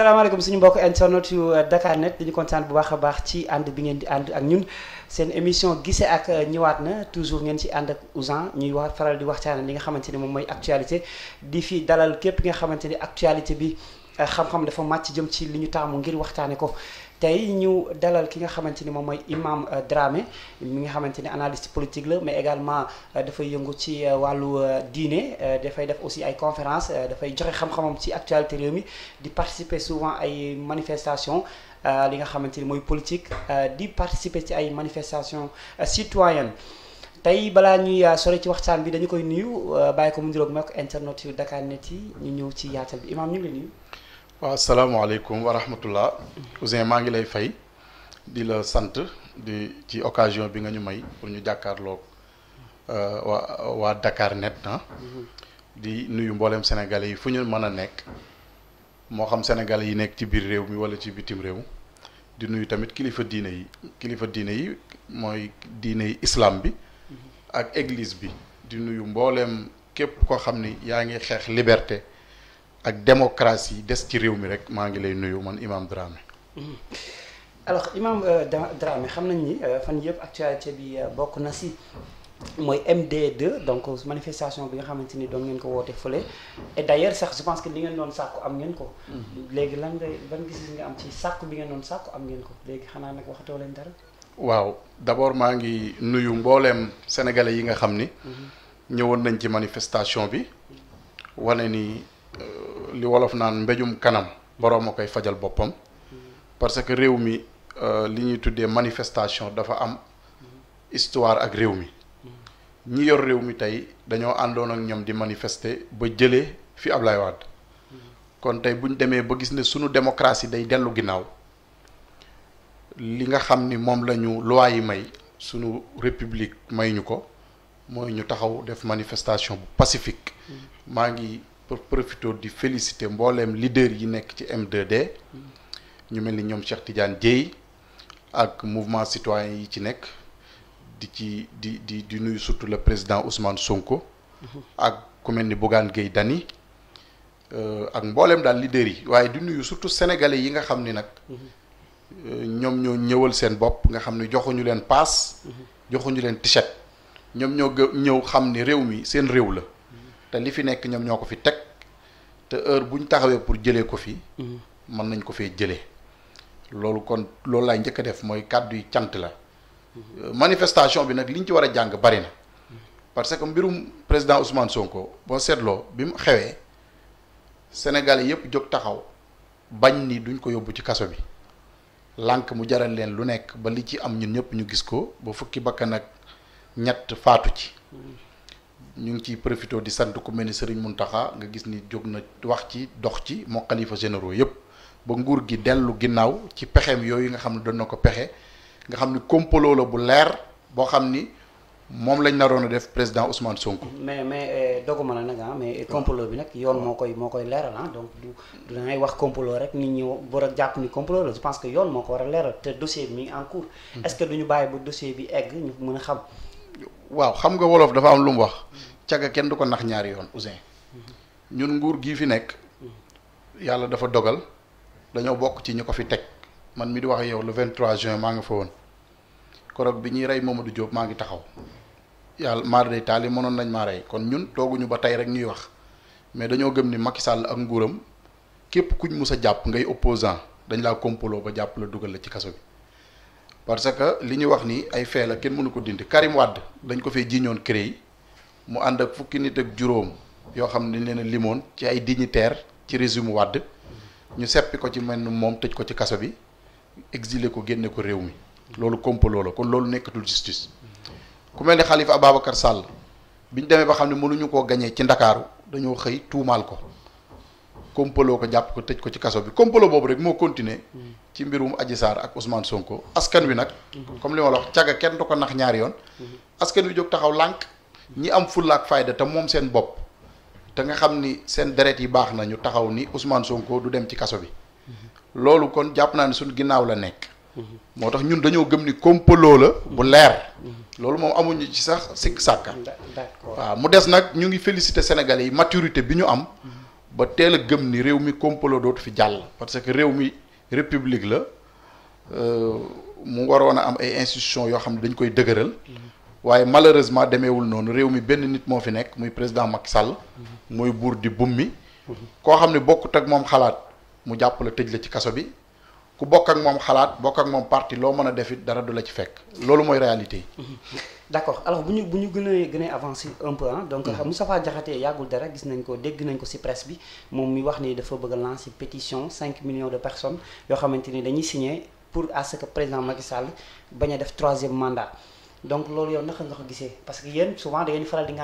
salaamaaleykum suñu mbokk internet yu euh, Dakar Net dañu kontaan bu baax a baax ci ànd bi ngeen di ànd ak ñun seen émission gise ak ñëwaat na toujours ngeen ci ànd ak Ouzin ñuy wax faral di waxtaane li nga xamante ni moom mooy actualité di fi dalal képp nga xamante ni actualité bi euh, xam-xam dafa màcc jëm ci li ñu taamu ngir waxtaane ko tey ñu dalal ki nga xamante ni moom mooy Imam euh, Dramé mi nga xamante ni analyste politique la mais également euh, dafay yëngu ci euh, wàllu diine dafay def aussi ay conférences dafay joxe xam-xamam ci actualité réew mi di participer souvent ay manifestations li nga xamante ni mooy politique di participer ci ay manifestations citoyennes tey balaa ñuy sore ci waxtaan bi dañu koy nuyu bàyyi ko mu niroog mook internet yu Dakar Net yi ñu ñëw ci yaatal bi Imam ñu ngi lay waa asalaamaaleykum wa rahmatullah ousin maa ngi lay fay di la sant di ci occasion bi nga ñu may pour ñu jàkkaarloo euh, waa waa Dakar net na ah. di nuyu mboolem sénégalais yi fu ñu mën a nekk moo xam sénégalais yi nekk ci biir réew mi wala ci bitim réew di nuyu tamit kilifa diine yi kilifa diine yi mooy diine yi islam bi ak église bi di nuyu mbooleem képp koo xam ni yaa ngi xeex liberté ak démocratie des ci réew mi rek maa ngi lay nuyu man Imam Dramé. Mm-hmm. alors Imam euh, Dramé xam nañ ni euh, fan yëpp actualité bi euh, bokk na si mooy MD2 donc manifestation bi nga xamante ni doon ngeen ko woote fële et sax je que li ngeen doon sàkku am ngeen ko. Mm-hmm. léegi lan ngay ban gis nga am ci sàkku bi ngeen doon sàkku am ngeen ko léegi xanaa nag waxatoo leen dara. waaw d'abord maa ngi nuyu mbooleem sénégalais yi nga xam ni. Mm-hmm. ñëwoon nañ ci manifestation bi wane ni. Euh, li wolof naan mbéjum kanam boroom a koy fajal boppam parce que réew mi euh, li ñuy tuddee manifestation dafa am histoire ak réew mi ñi yor réew mi tey dañoo àndoon ak ñoom di manifester ba jëlee fi Ablaye Wade kon tey bu ñu demee ba gis ne sunu démocratie day dellu ginnaaw li nga xam ni moom la ñu loi may sunu république may ñu ko mooy ñu taxaw def manifestation bu pacifique mm. maa ngi profito di félicité mbooleem leader yi nekk ci m ñu mel ni ñoom Cheikh Tidiane Dieye ak mouvement citoyen yi ci nekk di ci di di di nuyu surtout le président Ousmane Sonko ak ku mel ni Bougane Gueye Dany euh, ak mbooleem daal leader yi waaye di nuyu surtout sénégalais yi nga xam ni nag euh, ñoom ñoo ñëwal seen bopp nga xam ni joxuñu leen paas mm-hmm. joxuñu leen t-shirt ñoom ñoo ñëw xam ni réew mi seen réew la te li fi nekk ñoom ñoo ko fi teg te heure bu ñu taxawee pour jëlee ko fi. Mhm. mën nañ ko fee jëlee loolu kon loolu laay njëkk a def mooy kàddu yi cant la mhm. manifestation bi nag liñ ci war a jàng bari na parce que mbirum président Ousmane Sonko boo seetloo bi mu xewee Sénégalais yëpp jóg taxaw bañ ni duñ ko yóbbu ci kaso bi lànk mu jaral leen lu nekk ba li ci am ñun ñëpp ñu gis ko ba fukki bakkan ak ñett faatu ci. Mhm. ñu ngi ciy profité di sant ku mel ni Serigne Mountakha nga gis ni jóg na wax ci dox ci moo xalifa généraux yëpp ba nguur gi dellu ginnaaw ci pexeem yooyu nga xam ne doon na ko pexe nga xam ni complot la bu leer boo xam ni moom lañ naroon a def président Ousmane Sonko. mais mais eh, doguma la nag ah, mais complot bi nag yoon moo koy moo koy leeral ah donc du du da ngay wax complot rek nit ñi war a jàpp ni complot la je que yoon moo ko war a leeral te dossier bi mi ngi en mm-hmm. ñu bàyyi ba dossier bi egg ñu mën a waaw xam nga wolof dafa am lu mu wax caga kenn du ko nax ñaari yoon Ouzin ñun nguur gii fi nekk yàlla dafa dogal dañoo bokk ci ñu ko fi teg man mi di wax yow le 23 juin maa nga fa woon korog bi ñuy rey du Diop maa ngi taxaw yàlla maar day taali yi nañ ma rey kon ñun tooguñu ba tey rek ñuy wax mais dañoo gëm ni Macky sàll ak nguuram képp kuñ mus a jàpp ngay opposant dañ laa kompaloo ba jàpp la dugal la ci kaso bi parce que li ñu wax ni ay fee la kenn mënu ko dindi Karim Wade dañ ko fee jiiñoon CREI mu ànd ak fukki nit ak juróom yoo xam ne dañ leen limoon ci ay dignitaire ci régime wàdd ñu seppi ko ci mel moom tëj ko ci kaso bi exilé ko génne ko réew mi loolu complot la kon loolu nekkatul justice ku mel ni xalifa Ababacar Sall bi ñu demee ba xam ne mënuñu koo gañee ci Ndakaaru dañoo xëy tuumaal ko kompaloo ko jàpp ko tëj ko ci kaso bi kompaloo boobu rek moo continuer hmm. ci mbirum Adji Sarr ak Ousmane Sonko askan wi nag. Hmm. comme li ma la wax kenn du ko nax ñaari yoon. Hmm. askan wi jóg taxaw lànk. ñi am fulla ak fayda te moom seen bopp. te nga xam ni seen deret yi baax na ñu taxaw ni Ousmane Sonko du dem ci kaso bi. loolu kon jàpp naa ne suñ ginnaaw la nekk. moo tax ñun dañoo gëm ni kompaloo la. bu leer. loolu moom amuñu ci sax sikk sàkka. waaw mu des nag ñu ngi féliciter sénégalais yi maturité bi ñu am. ba teel a gëm ni réew mi complot dootu fi jàll parce que réew mi république la euh, mu waroon a am ay institutions yoo xam ne dañ koy dëgëral waaye malheureusement demeewul noonu réew mi benn nit moo fi nekk muy président Macky Sall muy buur di bummi koo xam ne bokkut ak moom xalaat mu jàpp la tëj la ci kaso bi ku bokk ak moom xalaat bokk ak moom parti loo mën a def dara du la ci fekk loolu mooy réalité yi. Mhm. d' accord alors bu ñu bu ñu gënee gënee avancer un peu ah. donc mhm. Moustapha yàggul dara gis nañ ko dégg nañ ko ci presse bi moom mi wax ni dafa bëgg a pétition 5 millions de personnes yoo xamante ni dañuy signer pour à ce président Macky Sall def troisième mandat. donc loolu yow naka nga ko gisee parce que yéen souvent da ngeen faral di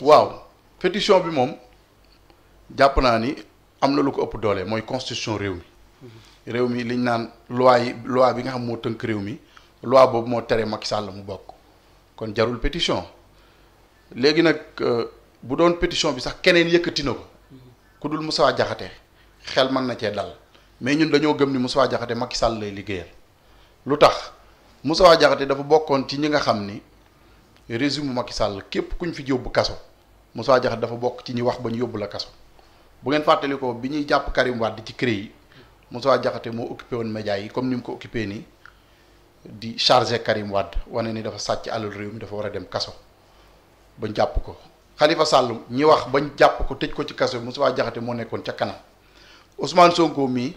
waaw pétition bi moom jàpp naa ni am na lu ko ëpp doole mooy constitution réew mi mhm. réew mi liñ naan luwaay yi bi nga xam moo tënk réew mi loi boobu moo tere Macky sàll mu bokk kon jarul pétition léegi nag euh, bu doon pétition bi sax keneen yëkkatina ko mhm. ku dul Moussa jaxate xel man na cee dal mais ñun dañoo gëm ni Moussa Diakhaté Macky sàll lay liggéeyal lu tax Moussa jaxate dafa bokkoon ci ñi nga xam ni régime Macky sàll képp ku ñu fi yóbbu kaso Moussa Diakhaté dafa bokk ci ñi wax ba ñu yóbbu la kaso bu ngeen fàttali ko bi ñuy jàpp Karim Wade ci CREI yi Moussa moo occupé woon média yi comme ni ko occupé nii di chargé Karim Wade wane ni dafa sàcc alal réew mi dafa war a dem kaso bañ jàpp ko Khalifa Sall ñi wax bañ jàpp ko tëj ko ci kaso Moussa Diakhaté moo nekkoon ca kanam Ousmane Sonko mii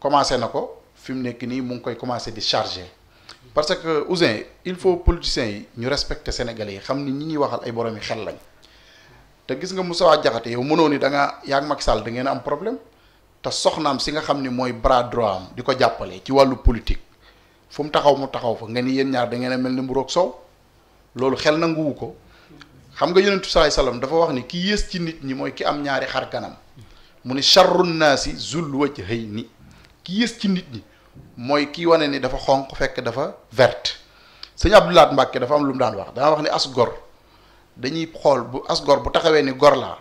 commencé na ko fi mu nekk nii mu ngi koy commencé di chargé. parce que Ousin il faut politiciens yi ñu respecter Sénégalais yi xam ni ñi ñuy waxal ay boromi xel lañ te gis nga mu Moustapha Diakhaté yow mënoo ni da nga yaa ak Macky Sall da ngeen am problème te soxnaam si nga xam ni mooy bras droit am di ko jàppale ci wàllu politique fu mu taxaw mu taxaw fa nga ni yéen ñaar da ngeen a mel ni mu roog soow loolu xel nanguwu ko xam nga yonentu saay salaam dafa wax ni ki yées ci nit ñi mooy ki am ñaari xar kanam mu ni charrun naasi zul wajhayni ki yées ci nit ñi mooy kii wane ni dafa xonq fekk dafa verte sëñ Abdou Lahad Mbacke dafa am lu mu daan wax daa wax ni as gor dañuy xool bu as gor bu taxawee ni gor laa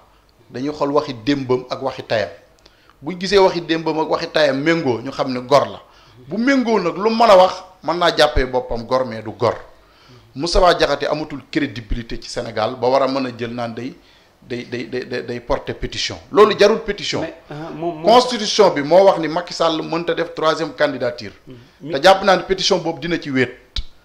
dañuy xool waxi démbam ak waxi tayam bu gisee waxi démbam ak waxi tayam méngoo ñu xam ne gor la bu méngoo nag lu mën a wax mën naa jàppee boppam gor mais du gor mu Moustapha Diakhaté amatul crédibilité ci Sénégal ba war a mën a jël naan day day day day day pétition loolu jarul pétition. Ah, constitution bi moo wax ni Macky Sall mënta def troisième candidature. Mm-hmm. te jàpp naa ne pétition boobu dina ci wéet.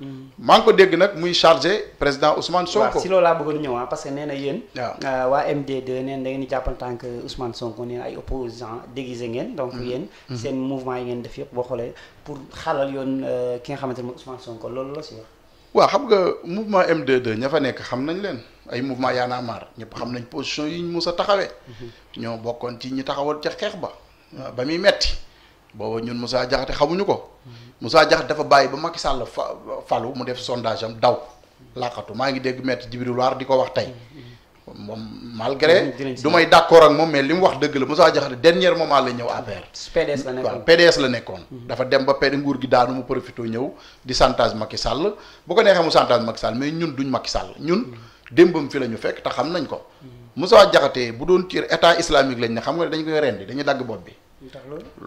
Mm-hmm. maa ngi ko dégg nag muy chargé président Ousmane Sonko. waaw si loolu laa bëggoon ñëw ah, parce que nee na yéen. waaw ah, waa MD2 nee na jàpp en tant que Ousmane Sonko nee na ay opposants déguisé ngeen. donc mm-hmm. yéen seen mouvement yi ngeen def yëpp boo xoolee pour xalal yoon euh, ki nga xamante ne Ousmane Sonko loolu la si wax. waaw xam nga mouvement MD2 ña fa nekk xam nañ leen. ay mouvement Y'en a marre ñëpp xam nañ position yi ñu mu sa taxawee. Mhm. ñoo bokkoon ci ñi taxawal ca xeex ba. Ah, ba muy metti booba ñun Moussa Diakhaté xamuñu ko. Mhm. Moussa Diakhaté dafa bàyyi ba Macky Sall fa falu mu def sondage am daw. laqatu maa ngi dégg maître Djibril War di ko wax tey. Mhm. moom malgré du may d'accord ak moom mais li mu wax dëgg la Moussa Diakhaté dernier moment la ñëw APR. PDS la nekkoon PDS la nekkoon. dafa dem ba PD nguur gi daanu mu profité ñëw di chantage Macky Sall bu ko neexee mu chantage Macky Sall mais ñun duñ Macky Sall ñun. démbam fi la ñu fekk tax xam nañ ko. Moussa jaxatee bu doon tiir état islamique lañ ne xam nga dañ koy rendi dañu dagg bopp bi.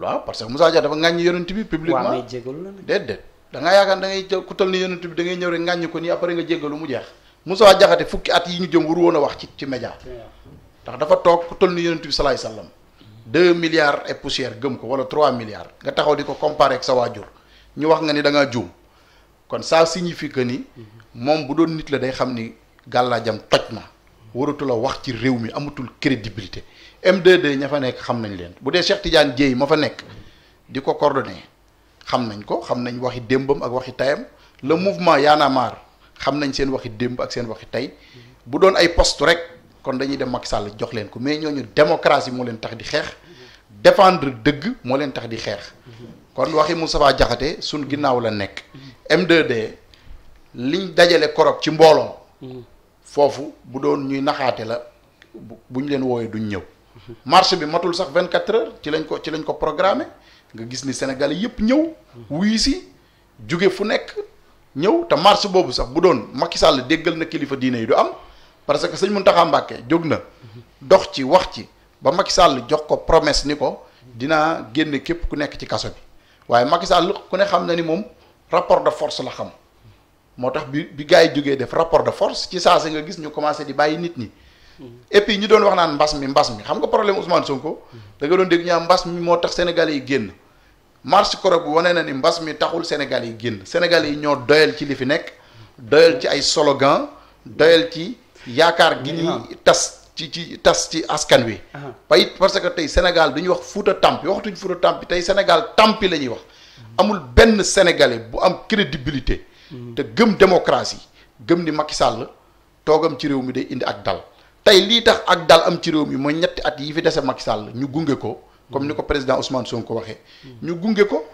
waaw parce que Moussa Diakhaté dafa ŋàññi yonent bi. publiquement waaw yaakaar da ngay ku tal ni yonent bi da ngay ñëw rek ŋàññi ko nii après nga jégalu mu jeex Moussa Diakhaté fukki at yi ñu jëm waru woon wax ci ci ndax dafa toog ku tal ni yonent bi salaay sallam deux milliards et poussière gëm ko wala trois milliards nga taxaw di ko comparer ak ñu wax nga ni da ngaa juum kon ça signifie que ni mm-hmm. moom bu doon nit la day xam ni gàllaajam toj na waratula wax ci réew mi amatul crédibilité m 2 ña fa nekk xam nañ leen bu dee Cheikh Tidiane Dieye ma fa nekk di ko coordonné xam nañ ko xam nañ waxi démbam ak waxi tayam le mouvement Y xam nañ seen waxi démb ak seen waxi tey bu doon ay post rek kon dañuy dem Macky Sall jox leen ko mais ñooñu démocratie moo leen tax di xeex défendre dëgg moo leen tax di xeex kon waxi Moustapha Diakhaté suñ ginnaaw la nekk m 2 liñ dajale korog ci mbooloo mm. foofu bu doon ñuy naxaate la bu ñu leen woowee duñ ñëw marché bi matul sax vingt quatre heures ci lañ ko ci lañ ko programmé nga gis ni Sénégalais yëpp ñëw wuyu si jóge fu nekk ñëw te marché boobu sax bu doon Macky Sall déggal na kilifa diine yi du am parce que sëñ Mountakha Mbacké jóg na dox ci wax ci ba Macky Sall jox ko promesse ni ko dinaa génne képp ku nekk ci kaso bi waaye Macky Sall ku ne xam na ni moom rapport de force la xam moo tax bi bi gars yi jógee def rapport de force ci saa si nga gis ñu commencé di bàyyi nit ñi. Hmm. et puis ñu doon wax naan mbas mi mbas mi xam nga problème Ousmane Sonko. Hmm. da nga doon dégg ñaa mbas mi moo tax sénégalais yi génn. marche korob wane na ni mbas mi taxul sénégalais yi génn sénégalais yi ñoo doyal ci li fi nekk. doyal ci ay slogan doyal ci yaakaar gi ñuy ah. tas. ci ci tas ci askan wi. payit ah. parce que tey Sénégal du ñuy wax fuuta tampi waxtuñ fuuta tampi tey Sénégal tampi la wax. Hmm. amul benn sénégalais bu am crédibilité. te gëm démocratie gëm ni Macky Sall toogam ci réew mi day indi ak dal tey lii tax ak dal am ci réew mi mooy ñetti at yi fi dese Macky Sall ñu gunge ko comme ni ko président Ousmane ko waxee ñu gunge ko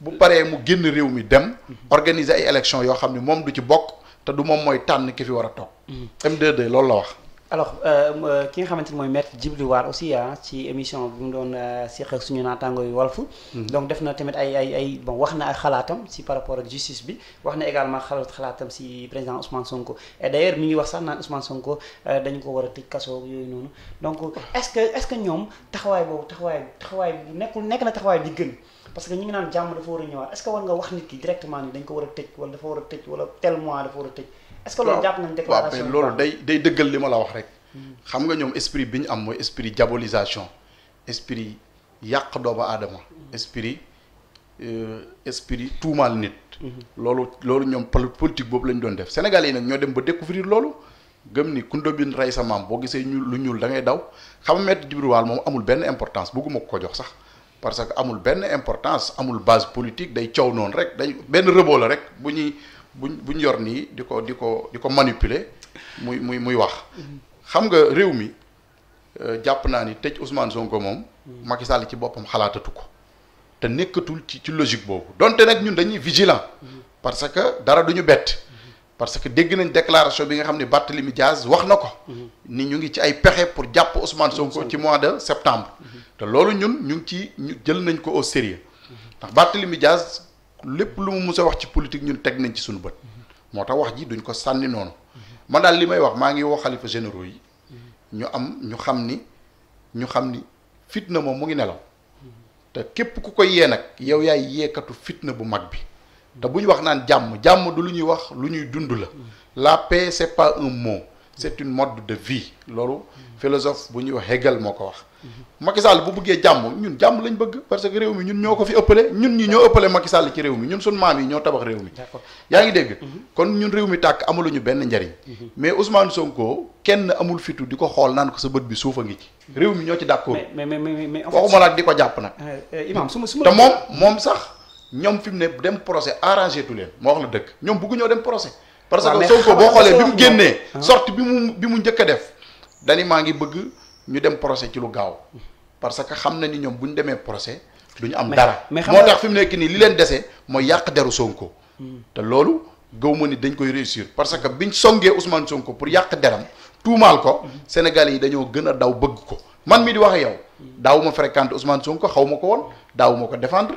bu paree mu génn réew mi dem organiser ay élections yoo xam ne moom du ci bokk te du moom mooy tànn ki fi war a toog M2D mm-hmm. loolu la wax alors euh, euh, ki nga xamante ni mooy maître Djibril War aussi ah ci émission bi mu doon euh, seq ak suñu naataango yu Walf mhm. donc def na tamit ay ay ay wax na ak xalaatam si par rapport ak justice bi wax na également xalaat xalaatam si président Ousmane Sonko et d'ailleurs mi ngi wax sax naan Ousmane Sonko dañu ko war a tëj kaso yooyu noonu donc est-ce que est ñoom taxawaay boobu taxawaay taxawaay bu nekkul nekk na taxawaay bi gën parce que ñu ngi naan jàmm dafa war a a tëj wala dafa war a tëj wala mois dafa est-ce que loolu day day dëggal li ma la wax rek. Hmm. xam nga ñoom esprit bi ñu am mooy esprit diabolisation esprit yàq doomu aadama. Hmm. esprit euh, esprit tuumaal nit. Hmm. loolu loolu ñoom politique boobu lañu doon def Sénégal yi nag ñoo dem ba découvrir loolu. gëm ni kundobin rey sa maam boo gisee ñu lu ñuul da daw xam maître Djibril moom amul benn importance bëgguma ko ko jox sax parce que amul benn importance amul base politique day coow noonu rek dañ benn rëboo la rek bu ñuy bu buñ yor nii di ko di ko di ko manipuler muy muy muy wax. xam nga réew mi euh, jàpp naa ni tëj Ousmane Sonko moom. Macky Sall ci boppam xalaatatu ko. te nekkatul ci ci logique boobu donte nag ñun dañuy vigilant. parce que dara duñu bett. parce que dégg nañ déclaration bi nga xam ne Barthélemy Diaz wax na ko. ni ñu ngi ci ay pexe pour jàpp Ousmane Sonko ci mois de septembre. te loolu ñun ñu ngi ci ñu jël nañ ko au sérieux ndax Barthélemy Diaz lépp lu mu mus a wax ci politique ñun teg nañ ci suñu bët moo tax wax ji duñ ko sànni noonu man daal li may wax maa ngi woo xalifa généraux yi ñu am ñu xam ni ñu xam ni fitna moom mu ngi nelaw te képp ku ko yee nag yow yaay yeekatu fitna bu mag bi te bu wax naan jàmm jàmm du lu ñuy wax lu ñuy dund la la paix c'est pas un mot une mode de vie loolu philosophe bu ñuy wax Hegel moo ko wax Macky Sall bu bëggee jàmm ñun jàmm lañ bëgg parce que réew mi ñun ñoo ko fi ëppale ñun ñi ñoo ëppale Macky Sall ci réew mi ñun suñu maam yi ñoo tabax réew mi yaa ngi dégg mhm. kon ñun réew mi tàkk amuluñu benn njariñ mhm. mais Ousmane Sonko kenn amul fitu di ko xool naan ko sa bët bi suufa ngi ci réew mi ñoo ci d'accord ko jàpp nag euh, euh, imam su ma te moom moom sax ñoom fi mu ne dem procès arrangé tu leen moo wax la dëkk ñoom bëggu ñoo dem procès parce que Sonko boo xoolee bi mu génnee ah. sorte mu bi def dani maa ngi bëgg ñu dem procès ci lu gaaw parce que xam na ni ñoom bu ñu demee procès du ñu am dara moo tax fi mu nekk nii li leen dese mooy yàq deru Sonko te loolu gëw ma ni dañ koy réussir parce que bi biñ songee Ousmane Sonko pour yàq deram tuumaal ko Sénégalais yi dañoo gën a daw bëgg ko man mi di wax yow daawuma fréquente Ousmane Sonko xaw ma ko woon daawuma ko defendre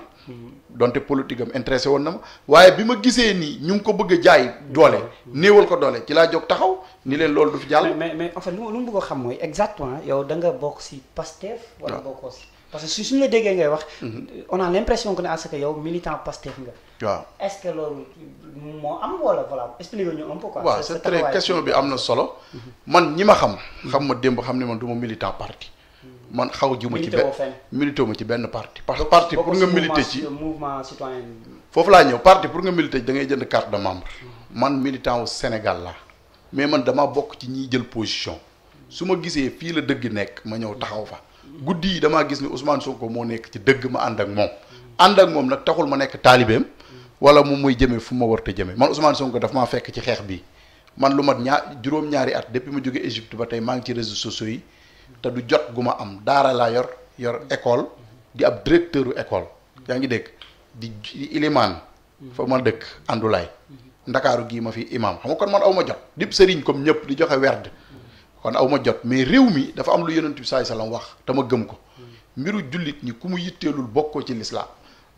donte politique am woon na ma waaye bi ma gisee nii ñu ngi ko bëgg a jaay doole néewal ko doole ci laa jóg taxaw ni leen loolu du fi jàll. mais mais en fait lu mu bëgg a xam mooy exactement yow da nga bokk si Pastef. wala bokkoo si parce que su suñu la déggee wax. Mhm. on a l' impression que ne à ce que yow moo am wala voilà expliqué ñu un peu question bi am na solo. Mhm. man ñi ma xam. xam ma démb xam ne man du ma militant parti. man xaw ji ma ci benn milité ma ci benn parti parce que parti pour nga milité ci mouvement citoyen foofu laa ñëw parti pour nga milité ci da ngay jënd carte de membre man militant Sénégal la mais man dama bokk ci ñiy jël position su ma gisee fii la dëgg nekk ma ñëw taxaw fa guddi yi damaa gis ni Ousmane Sonko moo nekk ci dëgg ma ànd ak moom ànd ak moom nag taxul ma nekk taalibeem wala moom muy jëmee fu ma war te jëmee man Ousmane Sonko daf maa fekk ci xeex bi man lu mat ñaar juróom-ñaari at depuis ma jóge Égypte ba tey maa ngi ci réseaux sociaux yi te du jot gu ma am daara laa yor yor école di ab directeur u école yaa ngi dégg di ilimaan fa ma dëkk àndulaay ndakaaru gii ma fi imaam xam kon man aw ma jot dib sëriñ comme ñëpp di joxe werd kon aw ma jot mais réew mi dafa am lu yonent bi saay salaam wax te ma gëm ko mbiru jullit ñi ku mu yitteelul bokkoo ci lislaam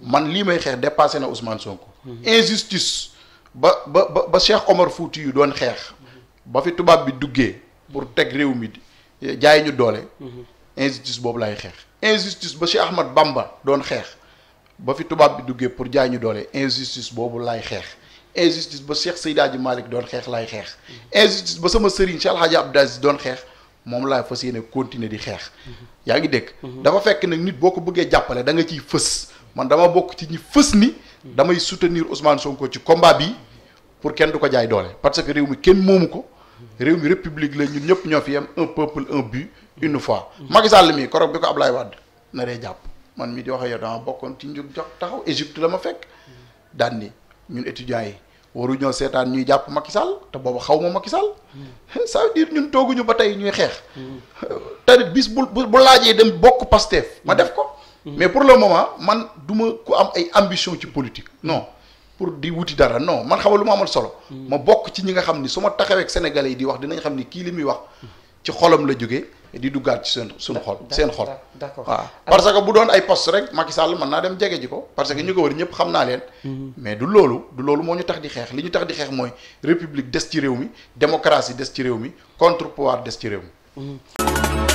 man lii may xeex dépassé na Ousmane Sonko injustice ba ba ba Cheikh Omar Fouti yu doon xeex ba fi tubaab bi duggee pour teg réew mi jaay ñu doole. Mhm. injustice boobu lay xeex. injustice ba Cheikh Ahmad Bamba doon xeex ba fi tubaab bi duggee pour jaay ñu doole injustice boobu lay xeex. injustice ba Cheikh Seydaaji Malick doon xeex laay xeex mhm. injustice ba sama sëriñ Cheikh Alhaji Abdou Aziz doon xeex moom laay fas yéene continuer di xeex mhm. yaa ngi dégg dafa fekk nag nit boo ko bëggee jàppale da nga ciy fës man dama bokk ci ñi fës ni damay soutenir Ousmane Sonko ci combat bi pour kenn du ko jaay doole parce que réew mi kenn moomu ko réew mi république la ñun ñëpp ñoo fi yem un peuple un but une fois Macky Sall mii korog bi ko Ablaye Wade naree jàpp man mii di wax ak yow dama bokkoon ci njug jox taxaw Égypte la ma fekk daan ni ñun étudiants yi waru seetaan ñuy jàpp Macky Sall te boobu xaw ma Macky Sall ça veut ñun tooguñu ba tey ñuy xeex te bis bu bu laajee dem bokk Pastef ma def ko mm. mais pour le moment man duma ku am ay ambition ci politique non pour di wuti dara non man xamal lu ma amal solo. Hmm. ma bokk ci ñi nga xam ni su ma taxawee ak sénégalais yi di wax dinañ xam ni kii li muy wax ci xolam la jógee di duggaat ci seen suñu xol. seen xol d'accord parce que bu doon ay poste rek Macky Sall mën naa dem jege ji ko parce que ñu ko wër ñëpp xam naa leen. Hmm. mais du loolu du loolu moo ñu tax di xeex li ñu tax di xeex mooy république des ci réew mi démocratie des ci réew mi contre pouvoir des ci réew mi. Hmm.